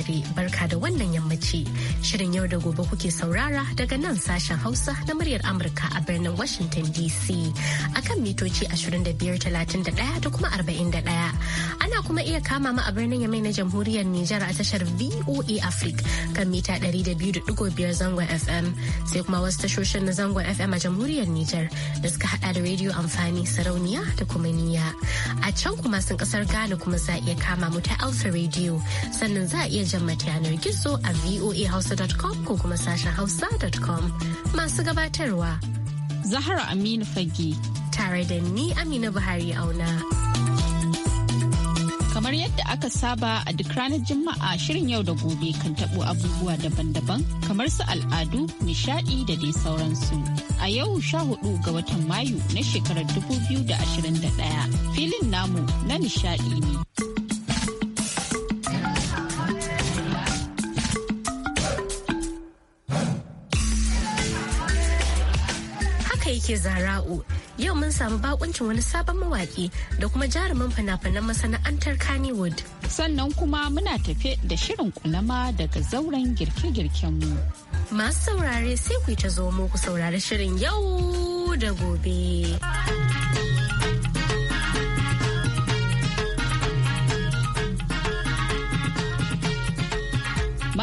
saurare barka da wannan yammaci. Shirin yau da gobe kuke saurara daga nan sashen Hausa na muryar Amurka a birnin Washington DC akan mitoci 2531 da kuma 41. kuma iya kama mu a birnin Yamai na Jamhuriyar Nijar a tashar VOA Africa kan mita 200.5 zangon FM sai kuma wasu tashoshin na zangon FM a Jamhuriyar Nijar da suka hada da rediyo amfani sarauniya da kuma niya. A can kuma sun kasar Ghana kuma za iya kama mu ta Alpha rediyo sannan za a iya jan mata yanar gizo a voahausa.com ko kuma sashen hausa.com masu gabatarwa. Zahra Aminu Fage. Tare da ni Amina Buhari Auna. Kamar yadda aka saba a duk ranar Juma'a shirin yau da gobe kan tabo abubuwa daban-daban kamar su al'adu, nishadi da dai sauransu. A yau sha hudu ga watan Mayu na shekarar 2021 filin namu na nishadi ne. ke zara'u yau mun samu bakuncin wani sabon mawaki da kuma jarumin fina-finan masana'antar Kannywood. Sannan kuma muna tafe da shirin kunama daga zauren girke mu. Masu saurare sai ku ta zo mu ku saurari shirin yau da gobe.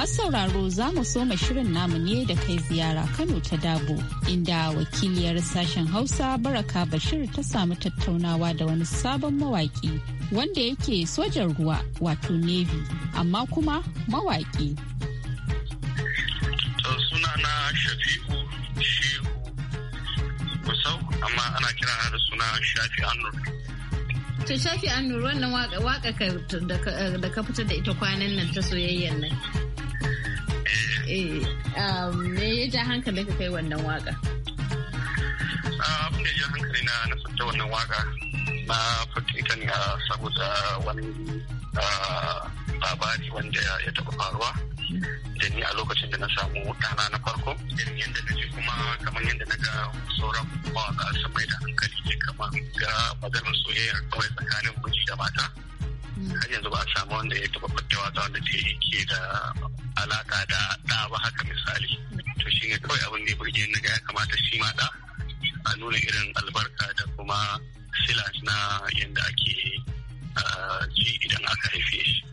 Masu sauraro za mu soma shirin namu ne da kai ziyara Kano ta Dabo, inda wakiliyar sashen Hausa Baraka Bashir ta samu tattaunawa da wani sabon mawaki wanda yake sojan ruwa wato Navy, amma kuma mawaki. Sunana Shafi'u Shehu Kusau, amma ana kira da suna Shafi anur. To Shafi anur wannan waka da ka fitar da ita kwanan nan ta soyayyan nan. Eh, um, me ya ja hankali ka kai wannan waka ah, abin da ya ja hankali na na wannan waka na fata ita ne ah, saboda wani ah, labari wanda ya taɓa faruwa da ni a lokacin da na samu ɗana na farko irin yadda na ji kuma kamar yadda na ga sauran mawaka sun mai da hankali ne kamar ga maganar soyayya kawai tsakanin miji da mata har yanzu ba a samu wanda ya taba fitta wata wanda ta ke da alaka da ɗa ba haka misali to shi ne kawai abin da ya burge ni ga ya kamata shi ma da a nuna irin albarka da kuma silas na yanda ake ah, ji idan aka haife shi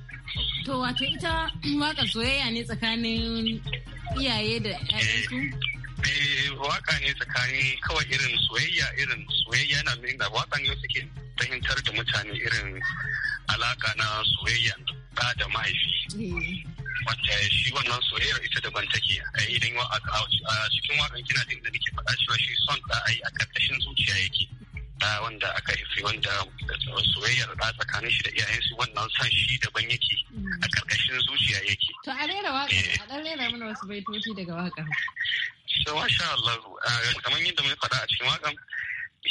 to wato ita waƙar soyayya ne tsakanin iyaye da eh, Eh, waka ne tsakanin kawai irin soyayya irin soyayya na nuna wakan ne suke fahimtar da mutane irin alaka na soyayya da da mahaifi eh. wanda shi wannan soyayyar ita daban take eh, idan a cikin wakan kina jin da nake faɗa cewa shi son da ai a ƙarƙashin zuciya yake da wanda aka haifi wanda soyayyar da tsakanin shi da iyayensu wannan son shi daban yake mm. a ƙarƙashin zuciya yake to a rera waƙar a ɗan rera mana wasu baitoci daga waƙar So masha Allah uh, kamar yadda mun faɗa a cikin waƙan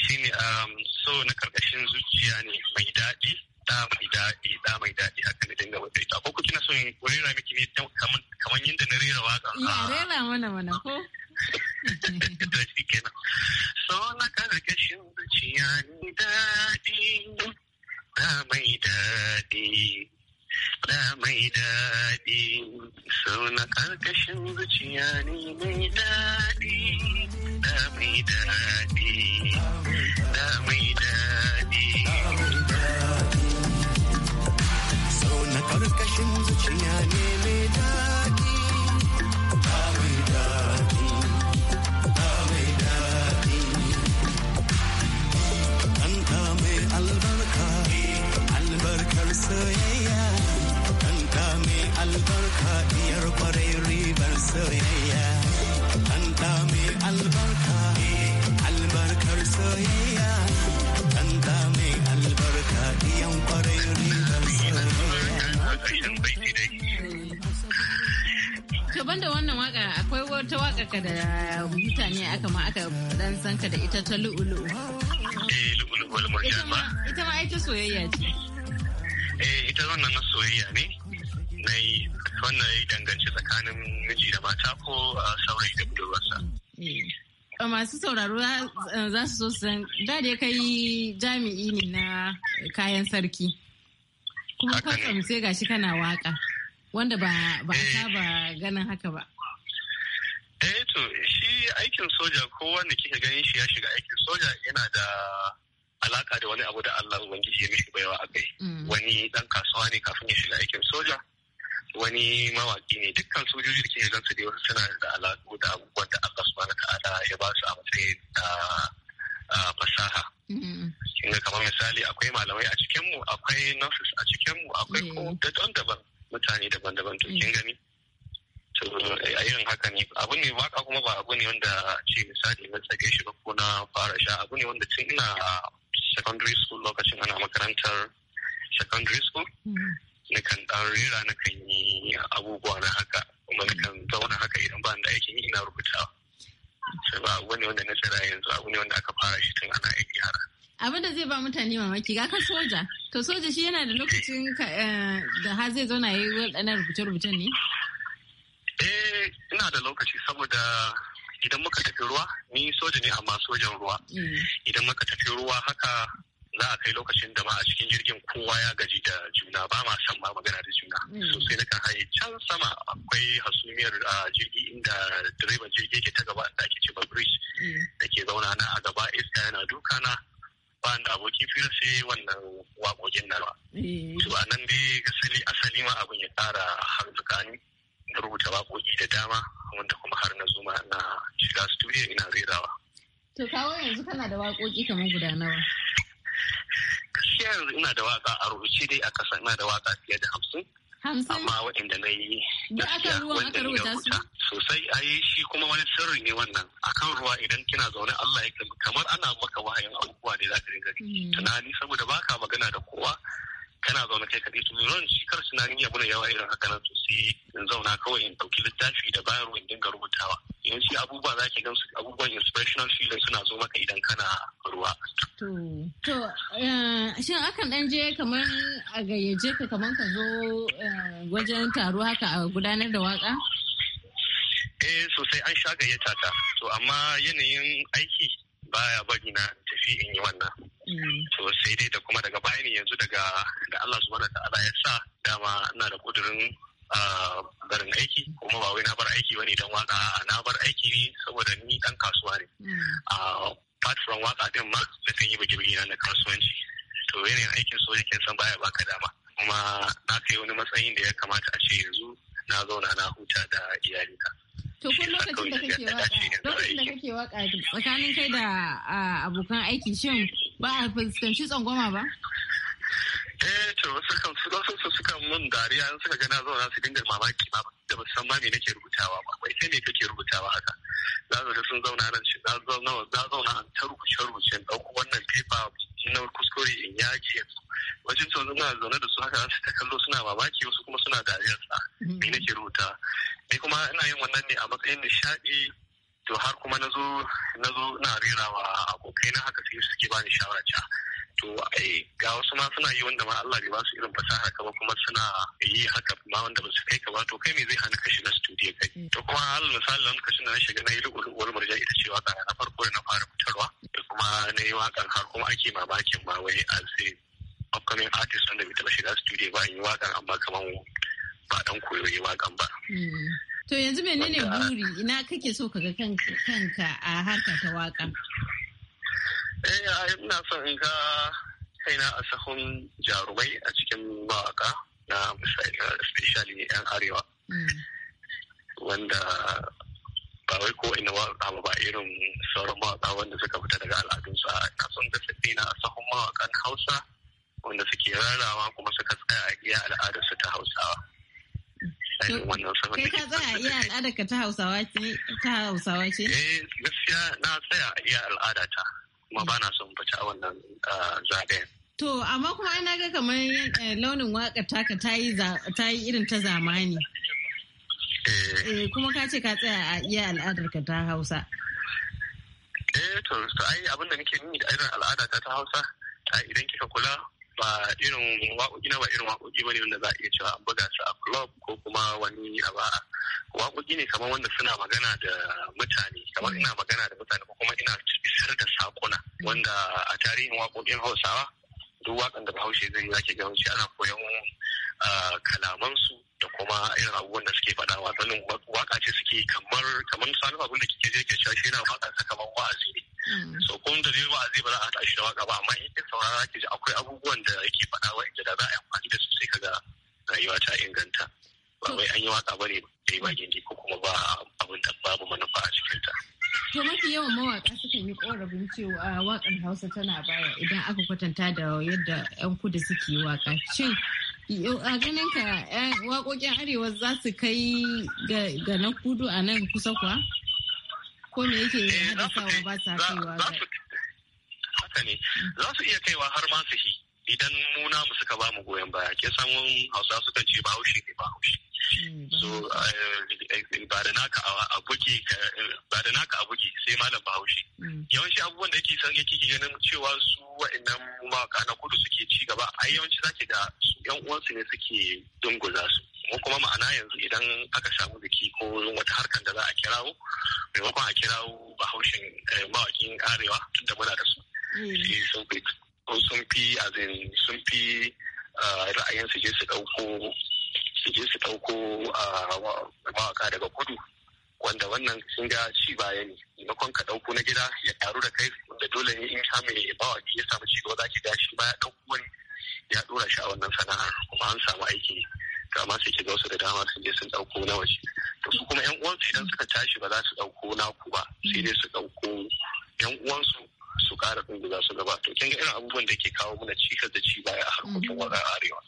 shine um, so na karkashin zuciya ne mai daɗi da mai daɗi da mai daɗi haka ne dinga wata ita ko kina son rera miki ne kamar yadda na rera waƙan. Ya rera mana mana ko. Da shi kenan. So na karkashin zuciya ne daɗi da mai daɗi. da mai daɗi sau na ƙarƙashin zuciya ne mai daɗi da mai daɗi da mai daɗi sau na ƙarƙashin zuciya ne mai daɗi da mai daɗi da mai daɗi albarka albarkar albarka diyar kwarai ribar soyayya an mai albarka albarkar soyayya an mai albarka diyan kwarai ribar soyayya wannan waka akwai wata waka ka da mutane aka ma aka dan san ka da ita ta lu'ulu'u eh lu'ulu'u wal marjan ita ma ita soyayya ce eh ita wannan na soyayya ne na yi wannan ya danganci tsakanin miji da mata ko saurayi da budurwarsa. masu sauraro za eh, su so san da dai kai jami'i ne na kayan sarki kuma kwatsam sai gashi kana waka wanda ba ba eh. saba ganin haka ba eh to shi aikin soja ko wanda kika ganin shi ya shiga aikin soja yana da alaka da wani abu da Allah ubangiji ya mishi baiwa a kai mm. wani dan kasuwa ne kafin ya shiga aikin soja wani mawaki ne dukkan sojoji da ke zan su dewa suna da alaƙo da abubuwan da Allah subhanahu ta'ala ya ba su a matsayin fasaha. Mm-hmm. Kinga kamar misali akwai malamai a cikinmu akwai nurses a cikinmu akwai ko don daban mutane daban-daban to kin mm. gani. Eh, a irin haka ne abu ne waka kuma ba abu ne wanda ce misali na tsage shi ba ko na fara sha abu ne wanda tun ina secondary school lokacin ana makarantar secondary school mm. nakan ɗan rera nakan yi abubuwa na haka kuma nakan zauna haka idan ba da aikin ina rubutawa sai ba abu ne wanda na tsira yanzu abu ne wanda aka fara shi tun ana aiki yara abin da zai ba mutane mamaki ga kan soja to soja shi yana da lokacin eh, da har zai zauna yi waɗannan rubuce-rubucen ne eh ina da lokaci saboda idan muka tafi ruwa ni soja ne amma sojan ruwa mm. idan muka tafi ruwa haka za a kai lokacin da ma a cikin jirgin kowa ya gaji da juna ba ma san ma magana da juna mm. sosai na kan haye can sama akwai hasumiyar jirgi inda direban jirgi yake ta gaba da ake ce ba bridge mm. da ke zauna na a gaba iska yana duka na ba da abokin fira sai wannan waƙoƙin na ba mm. to a nan dai gasali asali ma abin ya ƙara har tsakani na rubuta waƙoƙi da dama wanda kuma har na zuma na shiga studio ina rerawa to kawo yanzu kana da waƙoƙi kamar guda nawa gaskiya yanzu ina da waka a rubuce dai a ƙasa ina da waka fiye da hamsin amma waɗanda na yi gaskiya wanda ya rubuta sosai a shi kuma wani sirri ne wannan akan ruwa idan kina zaune Allah ya kamar ana maka wahayin abubuwa ne za ka dinga hmm. tunani saboda baka magana da kowa kana zaune kai kaɗai to zan shi kar tunani ya buna yawa irin haka nan sosai. in zauna kawai in ɗauki littafi da bayarwa in dinga rubutawa yawanci abubuwa za ki gamsu abubuwan inspirational feeling suna zo maka idan kana ruwa. To, eh, shin akan ɗan je kamar a gayyace ka kamar ka zo eh, wajen taro haka a gudanar da waka? Eh sosai an sha gayyata ta, to amma yanayin aiki baya bari na tafi in yi wannan. Mm. To sai dai da kuma daga bayani yanzu daga da Allah subhanahu wa ta'ala ya sa dama ina da kudurin barin aiki kuma ba wai na bar aiki bane don waka na bar aiki ne saboda ni dan kasuwa ne hmm. a ah, part from waka din ma da kan yi bugi-bugi na kasuwanci to yanayin aikin soja kin san baya baka dama kuma na kai wani matsayin da ya kamata a ce yanzu na zauna na huta da ka To kun lokacin da kake waka, lokacin da kake waka tsakanin kai da abokan aiki shin ba a fuskanci tsangwama ba? Eh to wasu kan su mun dariya in suka gana zauna su dinga mamaki ba da ba san ma me nake rubutawa ba wai kai me kake rubutawa haka za su ga sun zauna nan na zauna na zauna an ta rubuce rubuce in dauko wannan pepa na kuskure in yaki yanzu wajen sun zauna zaune da su haka za su ta kallo suna mamaki wasu kuma suna dariya sa ah, me mm-hmm. nake rubuta ni kuma ina yin wannan ne a matsayin nishaɗi to har kuma na zo na rera wa abokai na haka sai suke bani shawara cewa to eh, ga wasu ma suna yi wanda ma Allah bai ba su irin fasaha kama kuma suna yi haka ma wanda ba su kai ka ba to kai me zai hana ka shiga studio kai mm. to kuma al misali nan kashi na shiga na yi wani murja ita ce waka na farko da na fara fitarwa da kuma na yi wakan har kuma ake mamakin ma wai a sai upcoming artist wanda bai taba shiga studio ba yi wakan amma kaman ba dan koyo yi wakan ba mm. to yanzu menene buri ina kake so ka ga kanka a harka ta waka Eh, ina son in ga kaina a sahun jarumai a cikin mawaka na misali especially yan arewa. Mm. Wanda ba wai ko ina waka ba irin sauran mawaka wanda suka fita daga al'adun sa, ina son ga na a sahun mawakan Hausa wanda suke rarrawa kuma suka tsaya a iya al'adarsu ta Hausawa. Mm. Kai ka tsaya iya al'adarka ta Hausawa ce? Eh, gaskiya na tsaya iya al'adata. kuma ba na son fice a wannan ah, zaben. To amma kuma ana ga kamar eh, launin waƙar taka ta yi irin ta zamani. Eh. eh kuma ka ce ka tsaya a iya al'adar ka ta Hausa. Eh to ai abinda da nake nuni da irin al'ada ta ta Hausa idan kika kula ba irin waƙoƙi na ba irin waƙoƙi ba ne wanda za a iya cewa an buga su a club ko kuma wani a ba waƙoƙi ne kamar wanda suna magana da mutane kamar ina magana da mutane ko kuma ina isar da sakuna wanda a tarihin waƙoƙin hausawa duk waƙan da bahaushe zai yi zaki gawanci ana koyon ah, kalamansu da kuma irin abubuwan da suke faɗa sanin waka ce suke kamar kamar sani abin da kike je ke cewa shi yana waka sa kamar wa'azi ne mm. so kun da zai wa'azi ba za a tashi da waka ba amma in ka saurara ki ji akwai abubuwan da yake faɗa wa'anda da za a yi amfani da su sai kaga rayuwa ta inganta ba wai an yi waka bane ne ba gindi ko kuma ba abin da babu manufa a cikin ta To mafi yawan mawaka sukan yi korafin cewa wakan Hausa tana baya idan aka kwatanta da yadda 'yan kudu suke waka. Shin a ganin ka wakokin arewa za su kai ga na kudu a nan kusa kuwa? Ko me yake eh, hadasawa ba sa kaiwa ga? Haka ne, za su iya kaiwa har ma su yi. idan mu namu suka ba mu goyon baya ke samun hausa sukan ce haushi ne bahaushe eh, so eh, ba da naka a buge sai malam bahaushe mm. yawanci abubuwan da yake san yake ganin cewa su wa'annan mawaka na kudu suke ci gaba a yawanci zaki da su yan uwansu ne suke dunguza su kuma ma'ana yanzu idan aka samu biki ko wata harkar da za a kirawo maimakon a kirawo bahaushen eh, mawakin arewa da muna da su mm. sun fi sun fi eh, ra'ayin su je su ɗauko su je su ɗauko mawaka daga kudu wanda wannan sun ga ci baya ne maimakon ka ɗauko na gida ya taru da kai da dole ne in samu mai mawaki ya samu ci gaba ki gashi shi ma ya ɗauko wani ya ɗora shi a wannan sana'a kuma an samu aiki ne. to amma sai ki ga wasu da dama sun je sun ɗauko na waje to su kuma 'yan uwansu idan suka tashi ba za su ɗauko naku ba sai dai su ɗauko 'yan uwansu su kara ɗunguza su gaba to kin ga irin abubuwan da ke kawo mana cikas da ci baya a harkokin waƙa arewa.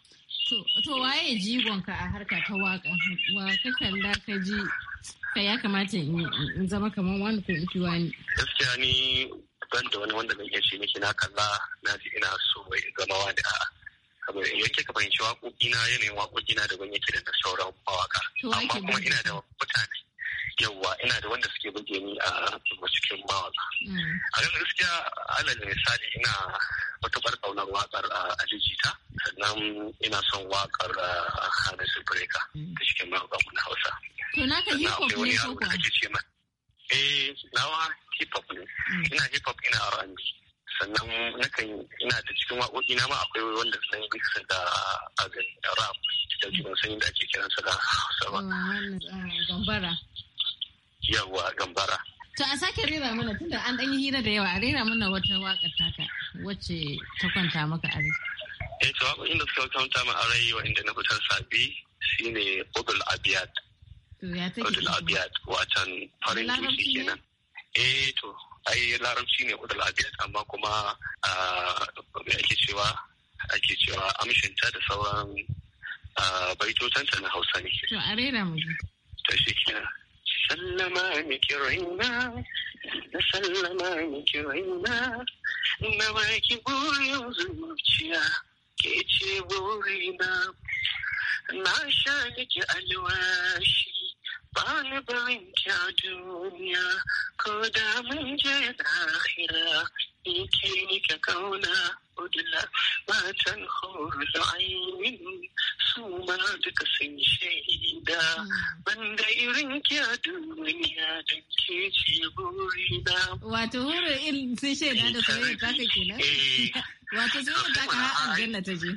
To waye jigonka a harka ta waka wa ka kalla ka ji ka ya kamata in zama kamar wani ko iki wani. Gaskiya ni ban da wani wanda zan iya ce miki na kalla na ji ina so ya zama wani a kamar yake ka fahimci waƙoƙi na yanayin waƙoƙi na da yake da sauran mawaka. Amma kuma ina da mutane yawwa ina da wanda suke buge ni a cikin mawaka mm. a kan gaskiya alal misali ina matuƙar ƙaunar waƙar alijita sannan ina son waƙar a hamisu breka mm. ta cikin mawaka mun hausa to na ka hop ne ko kuwa eh nawa hip hop ne mm. ina hip hop ina R&B sannan nakan ina da cikin waƙoƙi na ma akwai wanda sun yi bisa da azan rap ce ban san yadda ake kiransa da Hausa ba. Oh, ah, Gambara. yawa gambara to a sake rera mana tunda an ɗan yi hira da yawa a rera mana wata wakar taka wacce ta kwanta maka a rai eh to wakokin da suka kwanta ma a rai inda na fitar sabi shine odul abiyad. odul abiyad. watan farin dutse kenan eh to ai larabci ne odul abiyad, amma kuma ake cewa ake cewa amshinta da sauran baitotanta na hausa ne to a rera mu Ta shi kenan sallama miki raina na sallama miki raina na baki burin zuciya ke ce burina na sha miki alwashi ba ni a duniya ko da mun je lahira بكينك كونا أدلى ما تنخر العين سوما دكسن شهيدا من دائرنك يا دنيا دنكي جبورينا واتهور إن شهيدا دكسن شهيدا wato sai mu taka har aljanna ta je.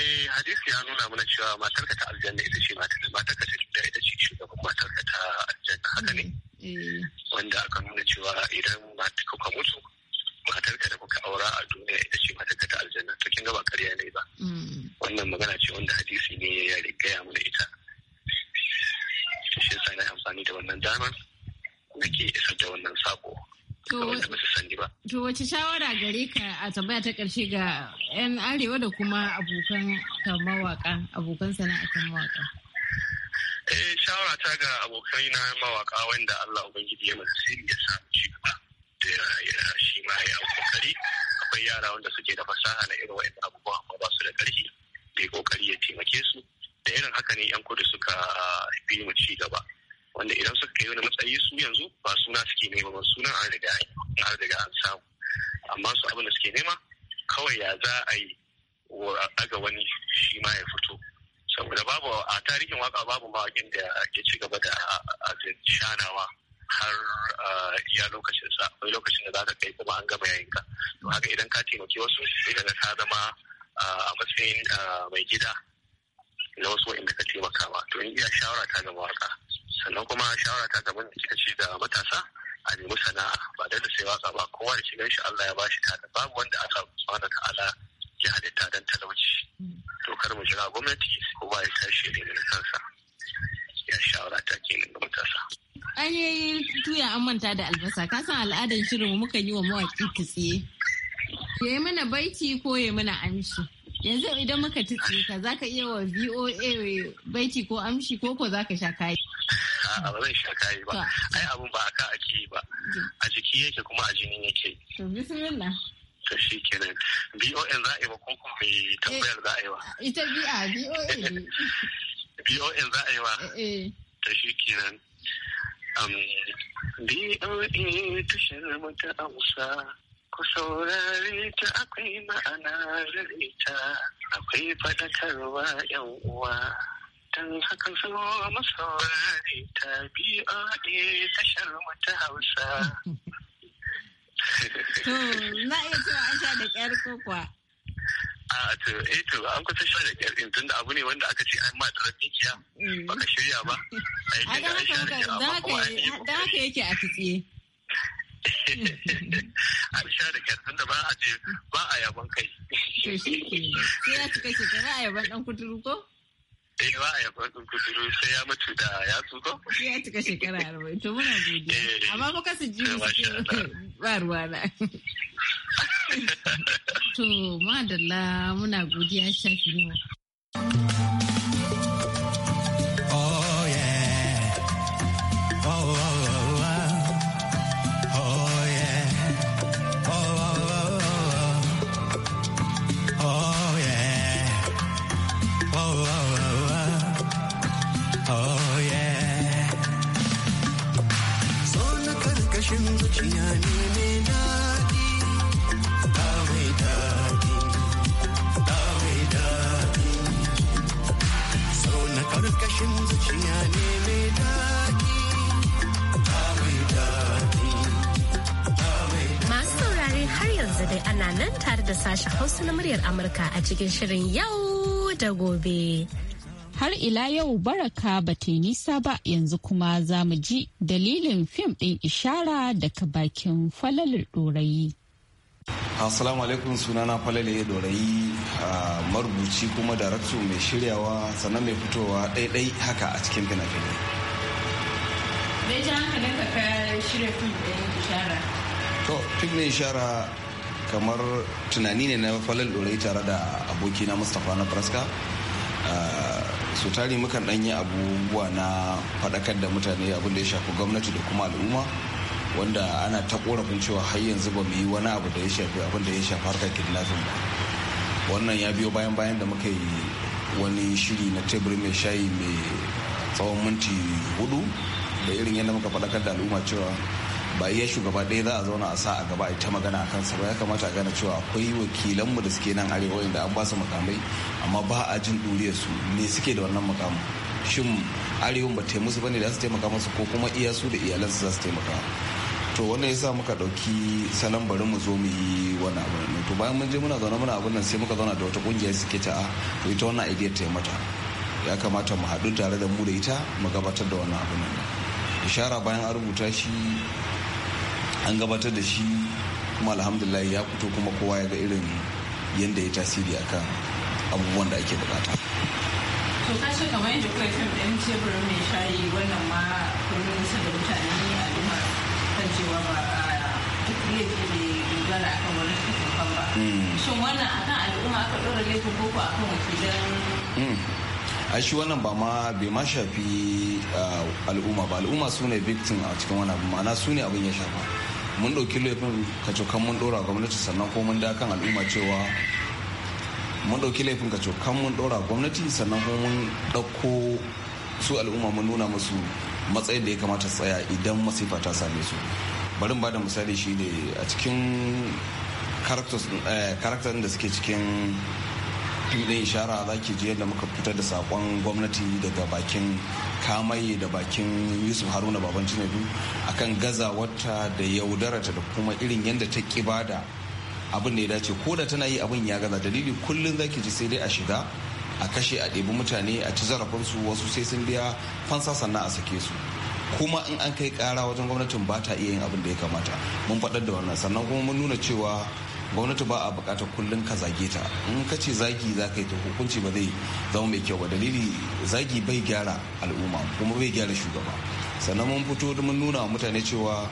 Eh hadisi ya nuna mana cewa matarka ta aljanna ita ce matarka ta gida ita ce shugaban matarka ta aljanna haka ne. Eh, eh. Wanda aka nuna cewa idan matarka ka mutu ka da kuka aura a duniya ita ce matarka ta aljanna to kin ga ba ƙarya ne ba mm. wannan magana ce wanda hadisi ne ya gaya mana ita shi yasa na amfani da wannan damar nake isar da wannan sako ga to wace shawara gare ka a tambaya ta karshe ga 'yan arewa da kuma abokan mawaka abokan sana'a kan mawaka eh shawara ta ga abokai na mawaka wanda Allah ubangiji ya mana sirri ya samu shi gaba shi ma ya kokari akwai yara wanda suke da fasaha na irin wa'in abubuwa amma ba su da ƙarfi da ya kokari ya taimake su da irin haka ne yan kudu suka fi mu ci gaba wanda idan suka kai wani matsayi su yanzu ba suna suke nema ba suna an riga an riga an samu amma su abin da suke nema kawai ya za a yi daga wani shi ma ya fito saboda babu a tarihin waka babu mawakin da ya ci gaba da shanawa har ah, iya lokacin sa akwai lokacin da za ka kai kuma an gama yayin ka to haka idan ka taimaki wasu sai daga ka zama ah, a matsayin ah, mai gida na wasu inda ka taimaka ba, to in iya shawara ta zama waka sannan kuma shawara ta zama da kika ce da matasa a nemi sana'a ba da da sai waka ba kowa da shigan shi Allah ya bashi ta babu wanda Allah subhanahu ta'ala ya halitta dan talauci hmm. to kar mu jira gwamnati ko ba ya tashi ne da kansa gaskiya shawara ta ke ga matasa. An yi tuya an manta da albasa, ka san al'adar shirin muka yi wa mawaƙi tsiye. Ya yi mana baiti ko ya mana amshi. Yanzu idan muka tsiye ka za ka iya wa VOA baiti ko amshi ko ko za ka sha kayi. A'a ba zan sha kayi ba. Ai abin ba a ka a ciki ba. A jiki yake kuma a jini yake. To bismillah. ta shi kenan BON za a yi wa ko kuma mai tambayar za a yi wa. Eh, ita BA BOA ne. BON za a yi wa? Eh. Ta shi kenan. BOA mutu a musa, ku saurari ta akwai ma'ana ita akwai faɗakarwa yan uwa. tan haka so masaurari ta BOA tashar mutu hausa. To, na iya cewa an sha da ƙyar a to eh to an kusa sha da kyar din tunda abu ne wanda aka ce an ma da rakiya mm. baka shirya ba ai da an sha da kyar amma kuma da haka yake a tsiye an sha da kyar tunda ba a ce ba a yaban kai to shi ke sai ya cika shi ba a yaban dan kuturu ko eh ba a yaban dan kuduru sai ya mutu da ya tsuko ya cika shekara 40 to muna godiya eh. amma muka su ji ba ruwa na To, madalla muna godiya shafi nawa. yanzu dai ana nan tare da sashen hausa na muryar amurka a cikin shirin yau da gobe har ila yau baraka ba ta nisa ba yanzu kuma za mu ji dalilin fim ɗin ishara daga bakin falalar ɗorayi assalamu alaikum sunana falale dorayi marubuci kuma darakto mai shiryawa sannan mai fitowa ɗaiɗai haka a cikin fina-finai bai ji hankalin ka shirya fim ɗin ishara to fim ɗin ishara kamar tunani ne na falal dorai tare da abokina mustapha na praska ah, su tari mukan yi abubuwa na faɗakar da mutane abin da ya shafi gwamnati da kuma al'umma wanda ana ta korafin cewa har yanzu ba mu yi wani abu da ya shafi abin da ya shafi harkar kidnapping ba wannan ya biyo bayan bayan da muka yi wani shiri na tebur mai shayi mai tsawon minti hudu da irin yadda muka faɗakar da al'umma cewa ba iya shugaba ɗaya za a zauna a sa a gaba a ta magana a kansa ba ya kamata a gane cewa akwai wakilanmu da suke nan arewa inda an ba su makamai amma ba a jin su ne suke da wannan makamu shin arewa ba ta musu bane da su taimaka musu ko kuma iya su da iyalansu za su taimaka to wannan yasa muka dauki salon bari mu zo mu yi wani abu ne to bayan mun je muna zaune muna abin nan sai muka zauna da wata kungiya suke ta a ah, to ita wannan idea ta mata ya kamata mu haɗu tare da mu da ita mu gabatar da wannan abu nan ishara bayan an rubuta shi an gabatar da shi kuma alhamdulillah ya fito kuma kowa ya ga irin yadda ya tasiri akan abubuwan da ake bukata to kashe kamar yadda kuka fim ɗin teburin mai shayi wannan ma domin nusar da mutane ne a lumar kan cewa ba duk laifi ne dogara akan wani kafin ba hmm. shin wannan akan al'umma aka ɗora laifin boko akan wakilan hmm. a shi wannan ba ma bai ma shafi al'umma ba al'umma su ne victim a cikin wani abu ma'ana su ne abin ya shafa mun ɗauki laifin kacokan mun ɗora gwamnati sannan ko mun da kan al'umma cewa mun ɗauki laifin kacokan mun ɗora gwamnati sannan kuma mun ɗauko su al'umma mun nuna musu matsayin da ya kamata tsaya idan masifa ta same su bari ba da misali shi ne a cikin karakter eh, da suke cikin inda ishara za ki ji yadda muka fitar da sakon gwamnati daga bakin kamai da bakin yusuf haruna baban tinubu akan gaza wata da yaudarata da kuma irin yadda ta ki da abin da ya dace ko da tana yi abin ya gaza dalili kullum za ki ji sai dai a shiga a kashe a ɗebi mutane a ci zarafinsu wasu sai sun biya fansa sannan a sake su kuma in an kai kara wajen gwamnatin ba ta iya yin abin da ya kamata mun faɗar da wannan sannan kuma mun nuna cewa gwamnati ba a bukatar kullum ka zage ta in ka ce zagi za ka yi ta hukunci ba zai zama mai kyau ba dalili zagi bai gyara al'umma kuma bai gyara shugaba sannan mun fito mun nuna wa mutane cewa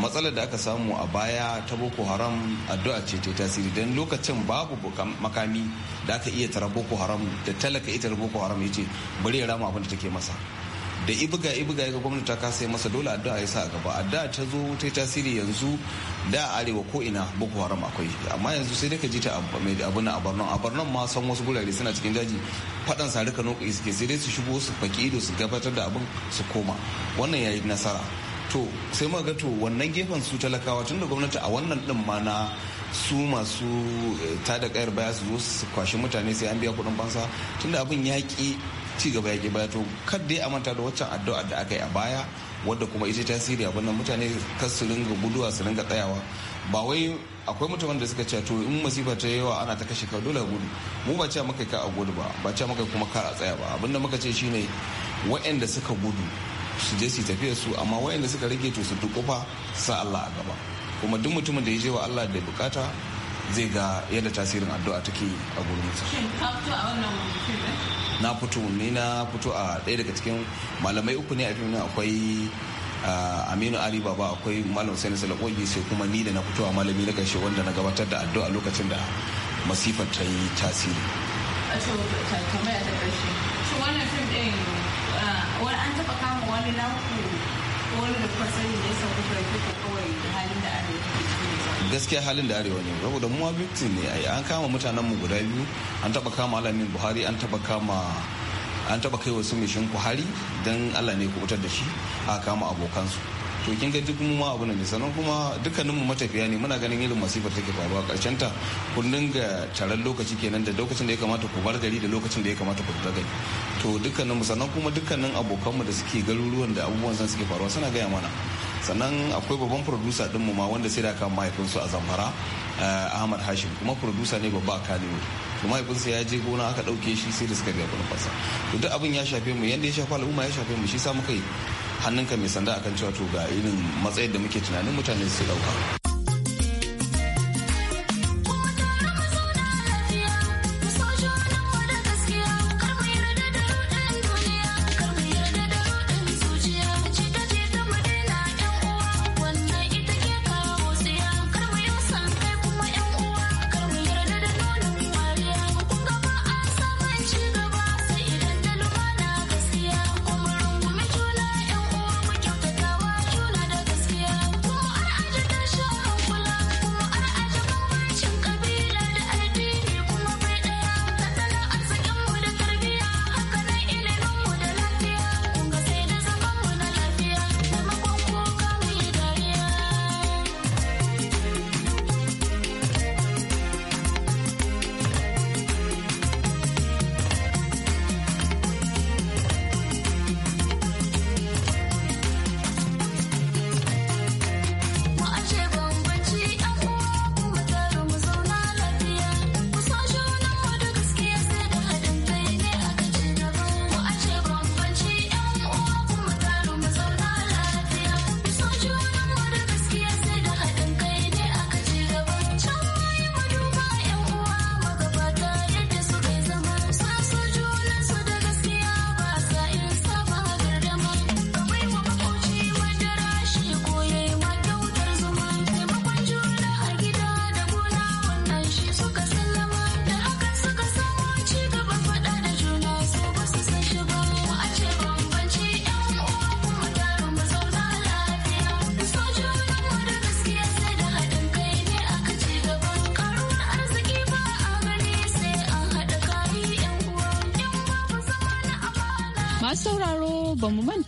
matsalar da aka samu a baya ta boko haram addu'a ce ta tasiri don lokacin babu makami da aka iya tara boko haram da talaka ita da boko haram ya ce bari ya rama abin da take masa da ibiga ibiga ga gwamnati ta kasa masa dole addu'a ya sa a gaba addu'a ta zo ta tasiri yanzu da arewa ko ina boko haram akwai amma yanzu sai dai ka ji ta abu na a barnon a barnon ma san wasu gurare suna cikin daji fadan sa rika noka iske sai dai su shigo su faki ido su gabatar da abin su koma wannan yayi nasara to sai muka ga to wannan gefen su talakawa tun da gwamnati a wannan din ma na su masu eh, tada kayar baya su zo su kwashi mutane sai an biya kuɗin fansa tunda abin yaƙi ci gaba ya baya to kar dai a manta da waccan addu'a da aka yi a baya wadda kuma ita tasiri abin nan mutane kar su ringa guduwa su ringa tsayawa ba wai akwai mutumin da suka ce to in masifa ta yawa ana ta kashe ka dole gudu mu ba ce maka ka a gudu ba ba ce maka kuma kar a tsaya ba abin da muka ce shine waɗanda suka gudu su je su tafiya su amma waɗanda suka rage to su dukufa sa Allah a gaba kuma duk mutumin da ya je wa Allah da bukata zai ga yadda tasirin addu'a take a gurin mutum na fito ni na fito a ɗaya daga cikin malamai uku ne a fim akwai ah, aminu ali baba akwai malam sani salakogi sai kuma ni da na fito a malami na karshe wanda na gabatar da addu'a lokacin da masifar ta yi tasiri ah, wani an taɓa kama wani naku wani da kuka sani ne sau kuka kawai gaskiya halin da arewa ne saboda muwa victim ne ai an kama mutanen mu guda biyu an taba kama alamin buhari an taba kama an taba kai wasu mishin buhari don dan allah ne da shi a kama abokansu to kin ga duk mu ma abu ne sannan kuma dukkaninmu matafiya ne muna ganin irin masifar take faruwa karshen ta kun ga taron lokaci kenan da lokacin da ya kamata ku bar gari da lokacin da ya kamata ku fita gari to dukkaninmu sannan kuma dukkanin abokanmu da suke garuruwan da abubuwan san suke faruwa suna gaya mana sannan akwai babban producer mu ma wanda sai da kan mahaifinsu a zamfara eh, ahmad hashim kuma producer ne babba a kanewu to mahaifinsa ya je gona aka dauke shi sai da suka biya kuɗin fasa to duk abin ya shafe mu yadda ya shafe al'umma ya shafe mu shi sa muka yi hannunka mai sanda akan cewa to ga irin matsayin da muke tunanin mutane su dauka.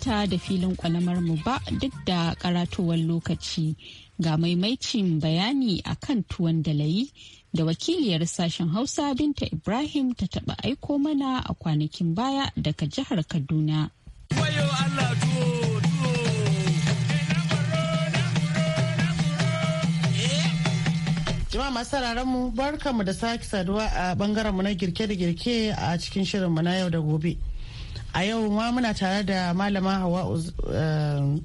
ta da filin kwalamar mu ba duk da karatowar lokaci ga maimaicin bayani akan tuwon dalayi da wakiliyar sashen hausa binta ibrahim ta taba aiko mana a kwanakin baya daga jihar kaduna jama'a masu barka mu da sake saduwa a bangaren mu na girke da girke a cikin shirin mu na yau da gobe a yau ma muna tare da malama hawa eh,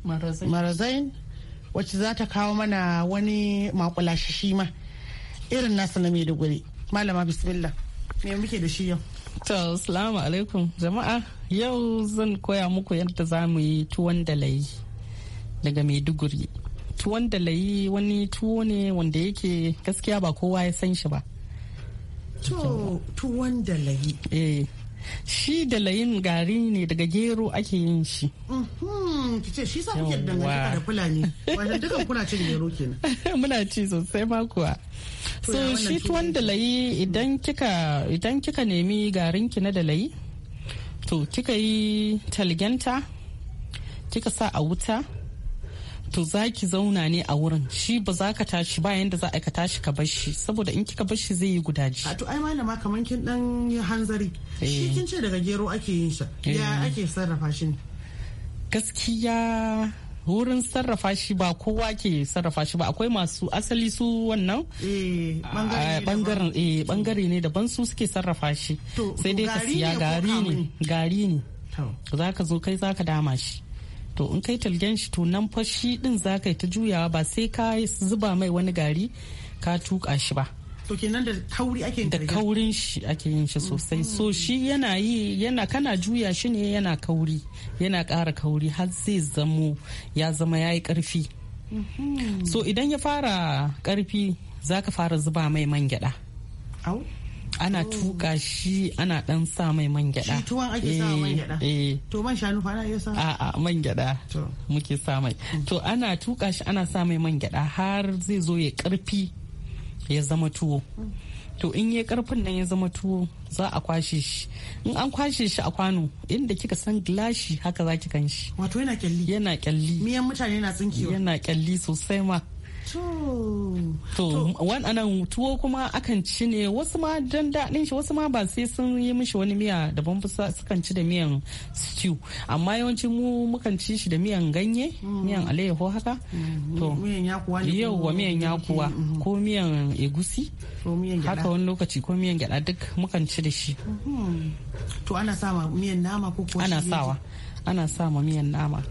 marazain wacce za ta kawo mana wani makulashi shi ma irin nasa na maiduguri malama bismillah me muke da shi yau to assalamu alaikum jama'a yau zan koya muku yadda za mu yi tuwon dalayi daga maiduguri tuwon dalayi wani tuwo ne wanda yake gaskiya ba kowa ya san shi ba tuwon dalayi eh shi da layin gari ne daga gero ake yin shi mhm, ki ce shi sa kuke dangantaka da fulani wajen dukan kuna cin gero kenan muna ci sosai ma kuwa so shi tuwon da layi idan kika idan kika nemi garin ki na da layi to kika yi talgenta kika sa a wuta to za ki zauna ne a wurin shi ba za ka tashi ba yanda za a ka tashi ka bar shi saboda in kika bar shi zai yi gudaji a to ai malama kamar kin dan hanzari shi eh. kin ce daga gero ake yin shi ya eh. ake sarrafa shi ne gaskiya wurin sarrafa shi ba kowa ke sarrafa shi ba akwai masu asali su wannan eh, ah, bangare ne daban su suke sarrafa shi sai dai ka siya gari ne gari ne za ka zo kai za ka dama shi to in kai talgen shi to nan fa shi din za ka yi ta juyawa ba sai ka zuba mai wani gari ka tuka shi ba to kenan da kauri ake yin da kaurin shi ake yin shi sosai mm-hmm. so shi yana yi yana kana juya shi ne yana kauri yana ƙara kauri har zai zamo ya zama yayi karfi mm-hmm. so idan ya fara karfi zaka fara zuba mai man gyada ana oh. tuka shi ana dan sa mai man gyada shi tuwon ake sa man eh, gyada eh to man shanu fa ana iya sa a a man gyada to muke sa mai to ana tuka shi ana sa mai man gyada har zai zo ya karfi ya zama tuwo to in ya karfin nan ya zama tuwo za a kwashe shi in an kwashe shi a kwano inda kika san gilashi haka zaki ki kan shi wato yana kyalli yana kyalli miyan mutane na tsinkewa yana kyalli sosai ma To, wannan tuwo kuma akan ci ne wasu ma don daɗin shi wasu ma ba sai sun yi mishi wani miya daban sukan ci da miyan stew. Amma yawanci mu mukan ci shi da miyan ganye, mm. miyan alayyaho haka. Mm. To, miyan yakuwa ne. Yau wa miyan yakuwa mm-hmm. ko miyan egusi. Haka wani lokaci ko miyan gyaɗa duk mukan ci da shi. Mm-hmm. To ana ma miyan nama ko kuwa Ana sawa. Ana ma miyan nama.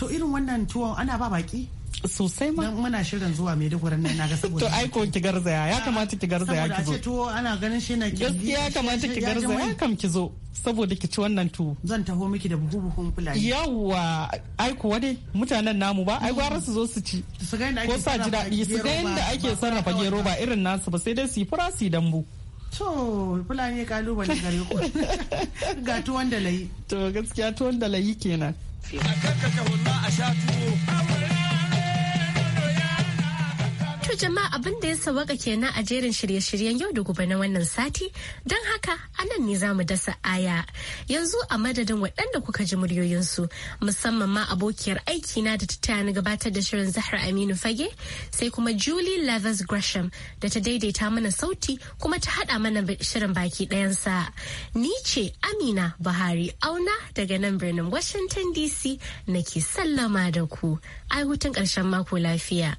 To irin wannan tuwon ana ba baki? sosai ma muna shirin zuwa Maiduguri nan naga saboda to ai ko ki garzaya ya kamata ki garzaya ki zo to tuwo ana ganin shi na ki gaskiya kamata ki garzaya kam ki zo saboda ki ci wannan tuwo zan taho miki da buhu buhun fulani yawa ai ko wani mutanen namu ba ai gwara su zo su ci ko sa ji daɗi su ga yadda ake sarrafa gero ba irin nasu ba sai dai su yi fura su yi dambu To fulani kalubale gare ku ga tuwon da layi. To gaskiya tuwon da layi kenan. A kanka ka a sha tuwo. To jama'a abin da ya sawaka kenan a jerin shirye-shiryen yau da gobe na wannan sati don haka anan ne za mu dasa aya yanzu a madadin waɗanda kuka ji muryoyinsu musamman ma abokiyar aiki na da ta ni gabatar da shirin Zahra Aminu Fage sai kuma Julie Lathers Gresham da ta daidaita mana sauti kuma ta haɗa mana shirin baki ɗayansa. Ni ce Amina Buhari Auna daga nan birnin Washington DC nake sallama da ku. Ai hutun ƙarshen mako lafiya.